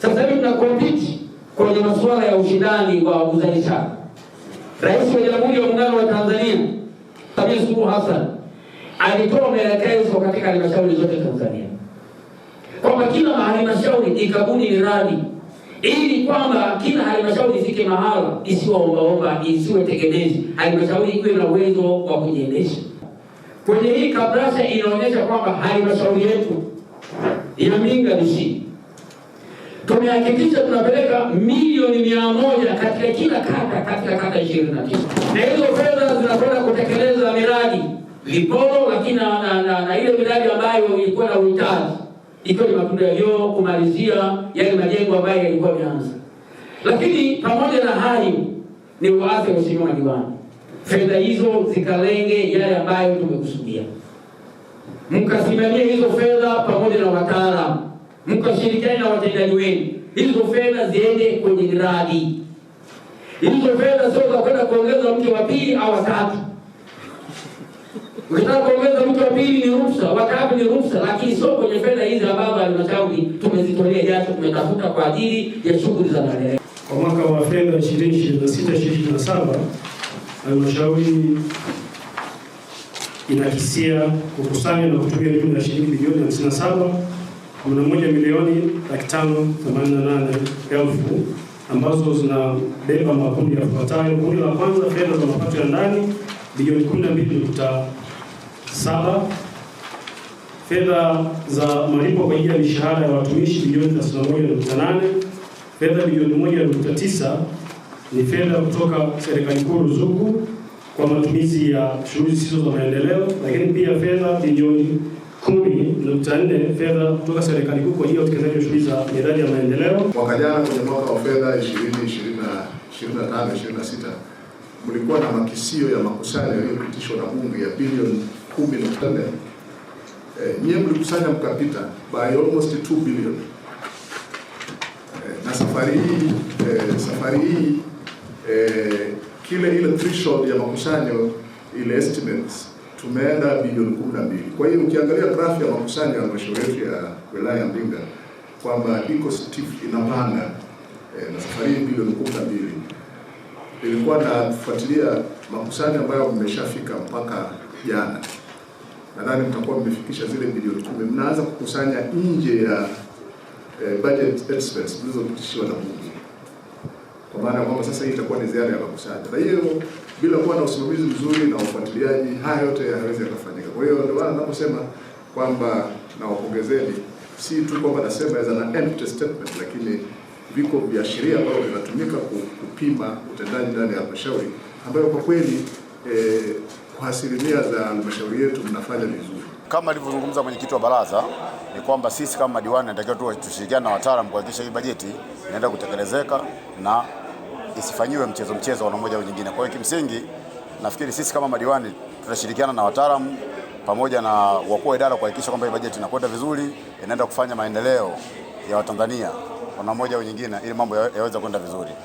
Sasa hivi tunakompiti kwenye masuala ya ushindani wa uzalishaji. Rais wa Jamhuri ya Muungano wa Tanzania Samia Suluhu Hassan alitoa maelekezo katika halmashauri zote Tanzania kwamba kila halmashauri ikabuni miradi ili kwamba kila halmashauri ifike mahala isiwe ombaomba, isiwe tegemezi, halmashauri iwe na uwezo wa kujiendesha. Kwenye hii kabrasha inaonyesha kwamba halmashauri yetu ya Minga Mishii tumehakikisha tunapeleka milioni mia moja katika kila kata katika kata ishirini na tisa na hizo fedha zinakwenda kutekeleza miradi viporo, lakini na, na, na, na ile miradi ambayo ilikuwa na uhitaji ikiwa ni matunda vyoo kumalizia yale majengo ambayo yalikuwa yameanza. Lakini pamoja na hayo, ni waase Mheshimiwa Diwani, fedha hizo zikalenge yale ambayo tumekusudia, mkasimamia hizo fedha pamoja na wataalamu mkashirikiana na watendaji wenu, hizo fedha ziende kwenye miradi. Hizo fedha sio za kwenda kuongeza mtu wa pili au watatu. Ukitaka kuongeza mtu wa pili ni ruhusa, watatu ni ruhusa, lakini sio kwenye fedha hizi ambazo halmashauri tumezitolea jasho, tumetafuta kwa ajili ya shughuli za maendeleo. Kwa mwaka wa fedha na saba halmashauri inakisia kukusanya na kutumia jumla ya shilingi bilioni saba 11 milioni laki tano themanini na nane elfu ambazo zinabeba makundi yafuatayo. Kundi la kwanza fedha za mapato ya ndani bilioni 12.7, fedha za malipo kwa ajili ya mishahara ya watumishi bilioni nane fedha bilioni tisa ni fedha kutoka serikali kuu ruzuku kwa matumizi ya shughuli zisizo za maendeleo, lakini pia fedha bilioni nne fedha kutoka serikali kuu kwa ajili ya utekelezaji wa shughuli za miradi ya maendeleo. Mwaka jana kwenye mwaka wa fedha 2025 26 kulikuwa na makisio ya makusanyo yaliyopitishwa na bunge ya bilioni nukta nne eh, nyiye mlikusanya mkapita by almost 2 bilioni. Eh, na safari hii eh, safari hii eh, kile ile threshold ya makusanyo ile estimates tumeenda bilioni kumi na mbili. Kwa hiyo ukiangalia grafu ya makusanyo ya halmashauri yetu ya wilaya ya Mbinga kwamba iko stiff inapanda e, na safari hii bilioni kumi na mbili ilikuwa nafuatilia makusanyo ambayo mmeshafika mpaka jana, nadhani mtakuwa mmefikisha zile bilioni kumi. Mnaanza kukusanya nje ya e, budget expense zilizopitishiwa na Bunge, kwa maana ya kwamba sasa hii itakuwa ni ziara ya makusanyo, na hiyo bila kuwa na usimamizi mzuri na ufuatiliaji, haya yote yanaweza yakafanyika. Kwa hiyo ndio maana naposema kwamba nawapongezeni, si tu kwamba nasema as an empty statement, lakini viko viashiria ambavyo vinatumika kupima utendaji ndani ya halmashauri ambayo kwa kweli eh, kwa asilimia za halmashauri yetu mnafanya vizuri. Kama alivyozungumza mwenyekiti wa baraza ni kwamba sisi kama madiwani natakiwa tu tushirikiane na wataalamu kuhakikisha hii bajeti inaenda kutekelezeka na isifanyiwe mchezo mchezo wa mmoja au nyingine. Kwa hiyo kimsingi, nafikiri sisi kama madiwani tutashirikiana na wataalamu pamoja na wakuu wa idara kuhakikisha kwamba bajeti inakwenda vizuri, inaenda kufanya maendeleo ya Watanzania kwa namna moja au nyingine, ili mambo yaweze kwenda vizuri.